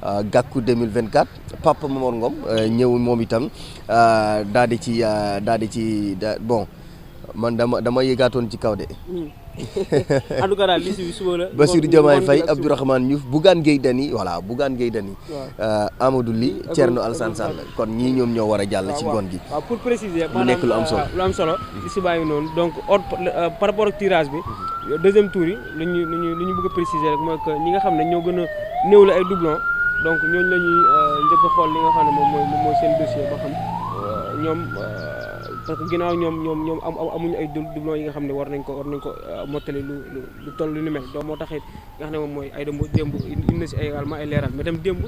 Euh, Gàkku 2024 Papa Momar Ngom euh, ñëw moom itam euh, daal di ci daal di ci bon man dama dama yëgaatoon ci kaw de. Hmm. en tout cas daal liste bi suba la. Bassirou Diomaye Faye Abdourahmane Diouf Bougane Gueye Dany voilà Bougane Gueye Dany. Amadou Ly Thierno Alassane Sall kon ñii ñoom ñoo war a jàll. ci ngoon gi waaw mu nekk lu am solo lu am solo. Hmm. liste noonu donc or par rapport ak tirage bi. Hmm. deuxième tour yi lu ñu lu rek ñi nga xam ne ñoo gën a néew la ay doublons. donc ñooñu la ñuy euh, njëkk xool li nga xam ne moom mooy moom mooy seen xam euh, ñoom euh, parce que ginnaaw ñoom ñoom ñoom am amuñu ay doublons yi nga xam ne war nañ ko war nañ ko mottali lu lu toll lu ni mel donc moo taxit nga xam ne moom mooy ay dëmb démb indi na si également ay leeral mais tam démb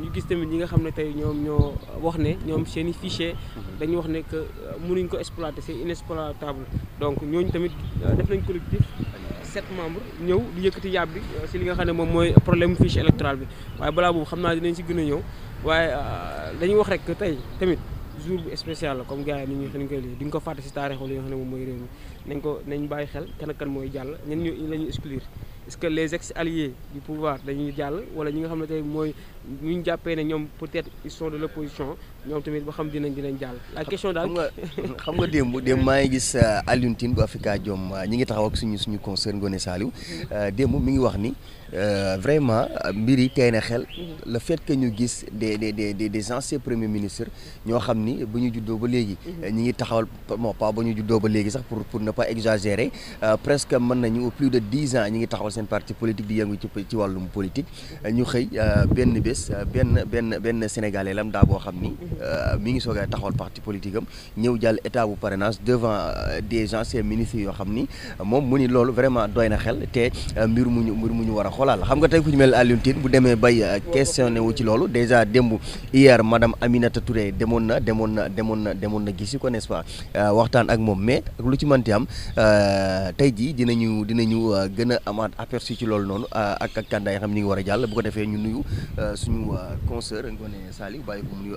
ñu gis tamit ñi nga xam ne tey ñoom ñoo wax ne ñoom seen i fichier mhm. dañu wax ne que mënuñ ko exploiter c'est inexploitable donc ñooñu tamit def nañ collectif sept membres ñëw di yëkkati yàbb bi euh, si li nga xam mom moy problème fiche électorale bi waye balaa bobu xamna naa dinañ ci gëna a ñëw waaye euh, dañuy wax rek tay tamit jour spécial la comme gars yi ni ñu xam koy lii di nga ko fàtte si taarixu li nga xam mom moy réew mi nañ ko nañ bàyyi xel kan kan moy jall ñen ñu lañu exclure est-ce que les ex alliés du pouvoir dañuy jall wala ñi nga xam tay moy ñu jappé né ñom peut-être ils sont de l'opposition ñoom tamit ba xam dinañ dinañ jàll. la question dal xam nga démb dem maa ngi gis euh, aluntine bu Africa Jom euh, ñi ngi taxaw ak suñu suñu concert Ngoné Saliou mm-hmm. euh, démb mi ngi wax ni vraiment mbiri yi xel. Mm-hmm. le fait que ñu gis des des des des anciens premiers ministres ñoo xam ni bu ñu juddoo ba légui mm-hmm. ñi ngi taxawal bon pas ba ñu juddoo ba légui sax pour pour ne pas exagérer presque mën nañu plus de 10 ans ñi ngi taxawal sen parti politique di yëngu ci ci wàllum politique ñu xey benn bes ben ben ben Sénégalais lam da bo xam ni. Euh, mi ngi soogay taxawal parti politique am ñëw jàll état bu parrainage devant euh, des gens ces ministres yoo xam ni moom mu ni loolu vraiment doy na xel te euh, mbir mu ñu mbir mu ñu war a xoolaal xam nga tey ku ñu mel Alioune Tine bu demee bay questionné wu ci loolu déjà demb hier madame Aminata Touré demoon na demoon na demoon na demoon na gisi ko n'est-ce pas waxtaan ak moom mais lu ci mënti am tey jii dinañu dinañu gën a amaat aperçu ci loolu noonu ak ak kàndaay xam ni ngi war a jàll bu ko defee ñu nuyu suñu consoeur Ngoné Saliou bàyyi ko mu nuyu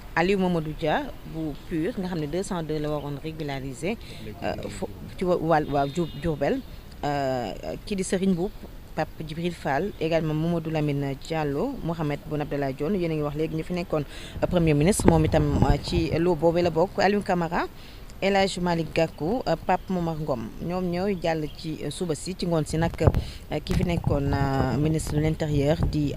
Ali Mamadou Dia bu PUR nga xamné 202 la régulariser euh, ci wa tu euh qui di Serigne Djibril Fall également Mamadou Lamine Diallo Mohamed Abdallah wax ñu fi euh, premier ministre momi tam euh, ci lo la Aliou Camara Elage Malik Gakou Pape Ngom ci suba ci ki fi ministre de l'intérieur di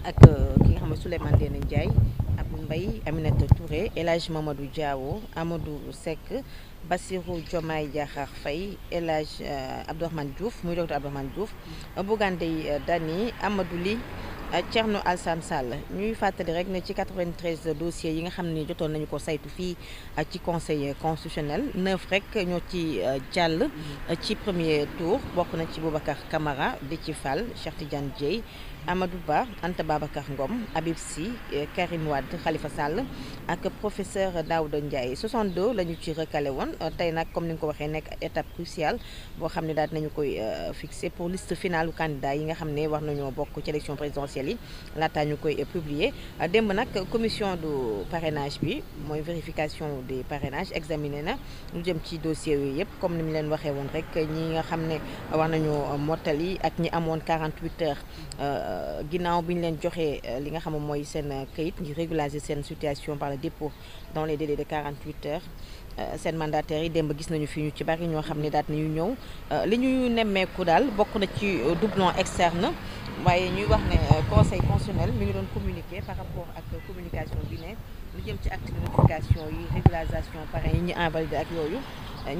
ak euh, ki nga xam ne Souleymane Ndéné Ndiaye Abou Mbaye Aminata Touré El Hadj Mamadou Diawo Amadou Seck Bassirou Diomaye Diakhar Faye El Hadj euh, Abdourahmane Diouf muy docteur Abdourahmane Diouf Bougane Gueye Dany Amadou Euh, Thierno Alassane Sall nous faisons rek 93 dossiers yi nga avons nañu ko euh, conseil constitutionnel neuf rek ñoo ci euh, mm-hmm. ci premier tour na ci Boubacar Camara Amadou Ba Anta Babacar Ngom Habib Sy Karim Khalifa Sall professeur Daouda Ndiaye 62 nous avons comme ni nga étape cruciale nous avons pour liste finale candidat yi nga présidentielle la tâche publié publiée. koy commission de parrainage bi vérification des parrainages examiné na ñu ci dossier comme leen rek ñi nga nañu ak ñi 48 heures euh, leen euh, li nga xam situation par le dépôt dans les délais de 48 heures euh, mandataires yi nous gis nañu ci bari ne Nous li daal doublon externe nous avons un conseil fonctionnel mi nous communiquer par rapport à la communication bi ne lu jëm acte de notification yi régularisation par yi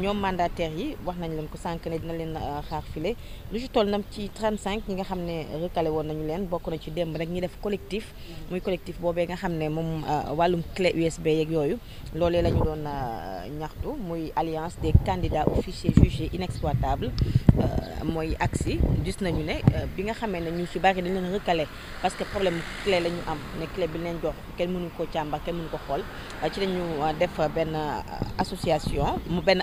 ñom mandataire yi wax nañ leen ko sànq ne dina leen euh, xaar filé lu ci toll nam ci 35 ñi nga xamné ne recalé woon nañu leen bokku na ci demb rek ñi def collectif muy collectif boobee nga xamné mom euh, walum clé USB yak yoyu lolé lañu ñu doon euh, ñaxtu muy alliance des candidats aux fichiers jugés inexploitables moy ACSI gis nañu ne bi nga xamee ne ñu ci bari dañ leen recalé parce que problème clé lañu am né clé bi leen jox kenn mënu ko càmbar kenn mënu ko xol ci lañu def ben association mu ben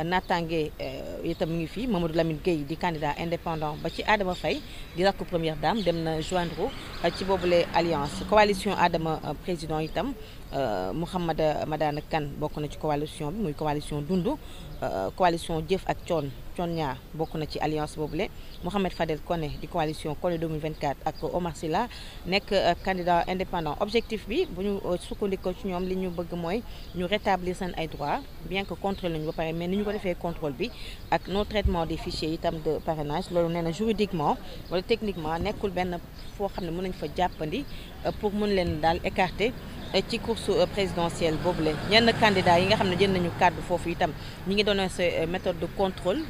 Natangé euh, itam ngi fi Mamadou Lamine Gueye di candidat indépendant ba ci Adama Faye di rakku première dame dem na joindre euh, ci bobule alliance coalition Adama euh, président itam euh, Mohamed Madane Kan bokk na ci coalition bi muy coalition Dundu euh, coalition Jeff ak Tion coon Nya ci alliance le Mohamed Fadel Koné di coalition Kone 2024 ak Omar Sylla nek euh, candidat indépendant objectif bi buñu ñu ci ñom li ñu bëgg moy ñu rétablir sen ay droits bien que contrôle ñu ba pare mais nous ñu ko défé contrôle bi ak non traitement des fichiers itam de parrainage lolu nee juridiquement wala techniquement nekul ben fo xam mënañ fa jappandi pour mën leen écarter eh, ci course eh, présidentielle cours présidentiel. Il candidat yi nga candidats qui ont nañu cadre de itam ñi ngi donné eh, méthode de contrôle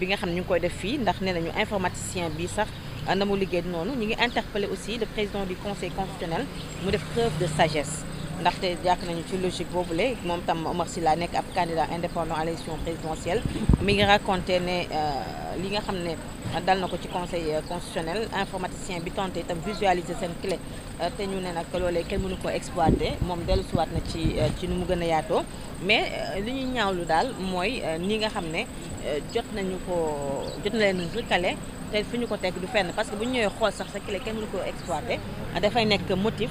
bi nga xam ñu koy def fi ndax nañu informaticien bi sax na liggéey nonu ñi ngi interpellé aussi le président du conseil constitutionnel mu def preuve de sagesse ndaxte jàkk nañu ci logique boobu la moom tam Omar Sylla nekk ab candidat indépendant à l'élection présidentielle mi ngi raconté ne euh, li nga xam ne dal na ko ci conseil euh, constitutionnel informaticien bi tenté itam visualiser seen clé euh, te ñu ne nag loolee kenn mënu ko exploité moom dellu na ci ci nu mu gën a yaatoo mais li ñuy ñaawlu daal mooy ni nga xam ne jot nañu ko jot na leen recalé te fi ñu ko teg du fenn parce que bu ñu ñëwee xool sax sa clé kenn mënu ko exploité dafay nekk motif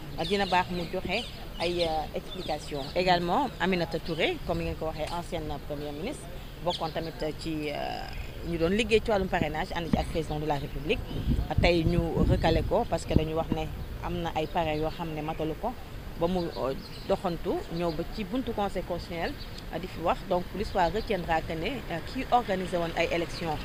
Euh, dina bax mu joxe ay euh, explication également Aminata Touré comme ngeen ko waxee ancienne premier ministre bokon tamit ci euh, ñu doon liggé ci walum parrainage ànd ci ak président de la république tay ñu recalé ko parce que dañu wax né amna ay parrain yo xamné ne matalu ko ba mu euh, doxantu ñëw ba ci buntu conseil constitutionnel euh, di fi wax donc l'histoire retiendra que né qui euh, organisé won ay élections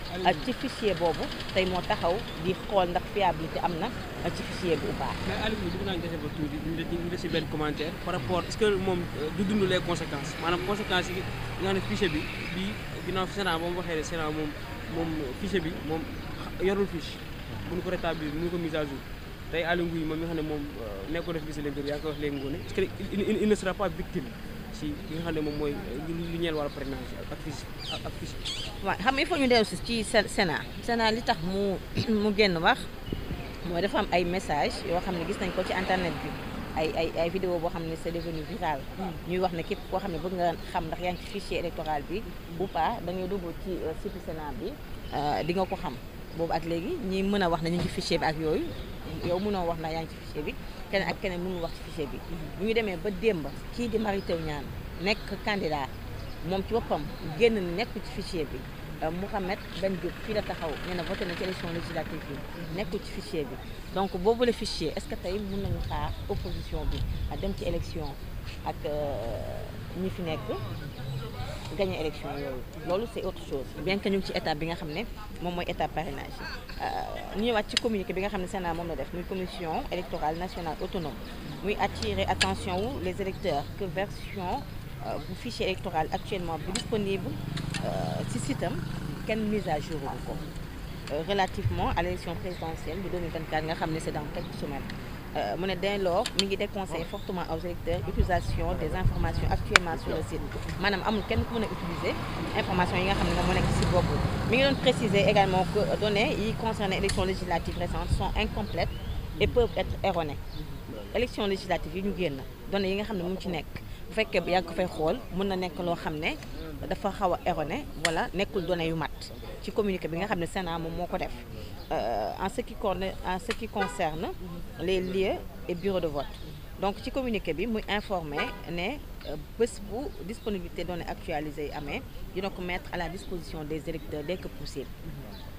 ci fichier bobu tay mo taxaw di xol ndax fiabilité amna ci fichier bi ou pas. mais Aliou dugg naa gese ba tuuti ñu def si benn commentaire par rapport est-ce que mom du dund les conséquences manam conséquences yi nga xam ne fichier bi bii ginnaaw Sénat moom waxee ne Sénat mom mom fichier bi mom yorul fiche. mënu ko rétablir mënu ko mise à jour. tey Aliou Ngouye moom mi nga xam ne moom euh, nekkul def gis leen yaa ngi ko wax léegi ngoone est-ce que il victime si li nga xam ne moom mooy lu ñeel wàllu parrainage ak fisc ak fisc waaw xam nga il faut ñu dellu si ci Sénat Sénat li tax mu mu génn wax moo dafa am ay message yoo xam ne gis nañ ko ci internet bi ay ay ay vidéo boo xam ne c'est devenu viral hmm. ñuy wax ne képp koo xam ne bëgg nga xam ndax yaa ngi ci fichier électoral bi hmm. ou pas da ngay dugg ci euh, site Sénat bi euh, di nga ko xam boobu ak léegi ñi mën a wax na ñu ngi ci fichier bi ak yooyu yow mënoo wax na yaa ngi ci fichier bi keneen ak keneen mënul wax ci fichier bi hmm. bu ñu demee ba démb kii di Mary Teuw Niane nekk candidat moom ci boppam génn nekk ci fichier bi euh, Mohamed Ben Diop fi la taxaw nee voté na ci élection législative bi ci fichier bi donc boobu le fichier est-ce que tay mën nañu xaar opposition bi dem ci élection ak euh, ñi fi nekk gagner élection yooyu lolu c'est autre chose bien que ñu ayons ci étape bi nga xamné mom étape parrainage ñi euh, ñu ci communiqué bi nga xamné Sénat la def commission électorale nationale autonome muy attirer attention wu les électeurs que version le euh, fichier électoral actuellement disponibles. disponible euh, système, quelle kenn mise à jour encore, euh, relativement à l'élection présidentielle de 2024 nga c'est dans quelques semaines Euh, ne dès lors mi déconseille fortement aux électeurs l'utilisation des informations actuellement sur le site Madame amul kenn ku utilisée l'information utiliser information yi nga préciser également que données y concernant l'élection législative récente sont incomplètes et peuvent être erronées élection législative yi ñu donnée données yi nga fekkee bu yàgg fay xol mën na nek lo xamné dafa xawa a erroné wala nekkul données yu mat ci communiqué bi nga xamné Sénat mom moko def euh en ce qui concerne en ce qui concerne les lieux et bureaux de vote donc ci communiqué bi muy informé né euh, bés bu disponibilité données actualisées amé amee dina ko mettre à la disposition des électeurs dès que possible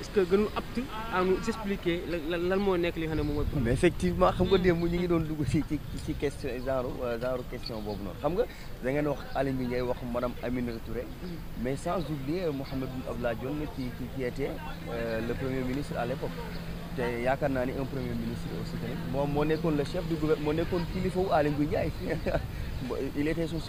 est-ce que gënul apte à nous expliquer lan moo nekk li nga xam ne mais effectivement xam nga hmm. démb ñu ngi doon dugg ci ci question genre euh, genre question boobu non xam nga da ngeen wax Alioune bi ngay wax madame Amine Touré hmm. mais sans oublier Mouhamed Boun Abdallah Dionne qui qui était euh, le premier ministre à l'époque te yaakaar naa un premier ministre aussi tamit moom moo nekkoon le chef du gouvernement moo nekkoon kilifa wu Aly Ngouille il était son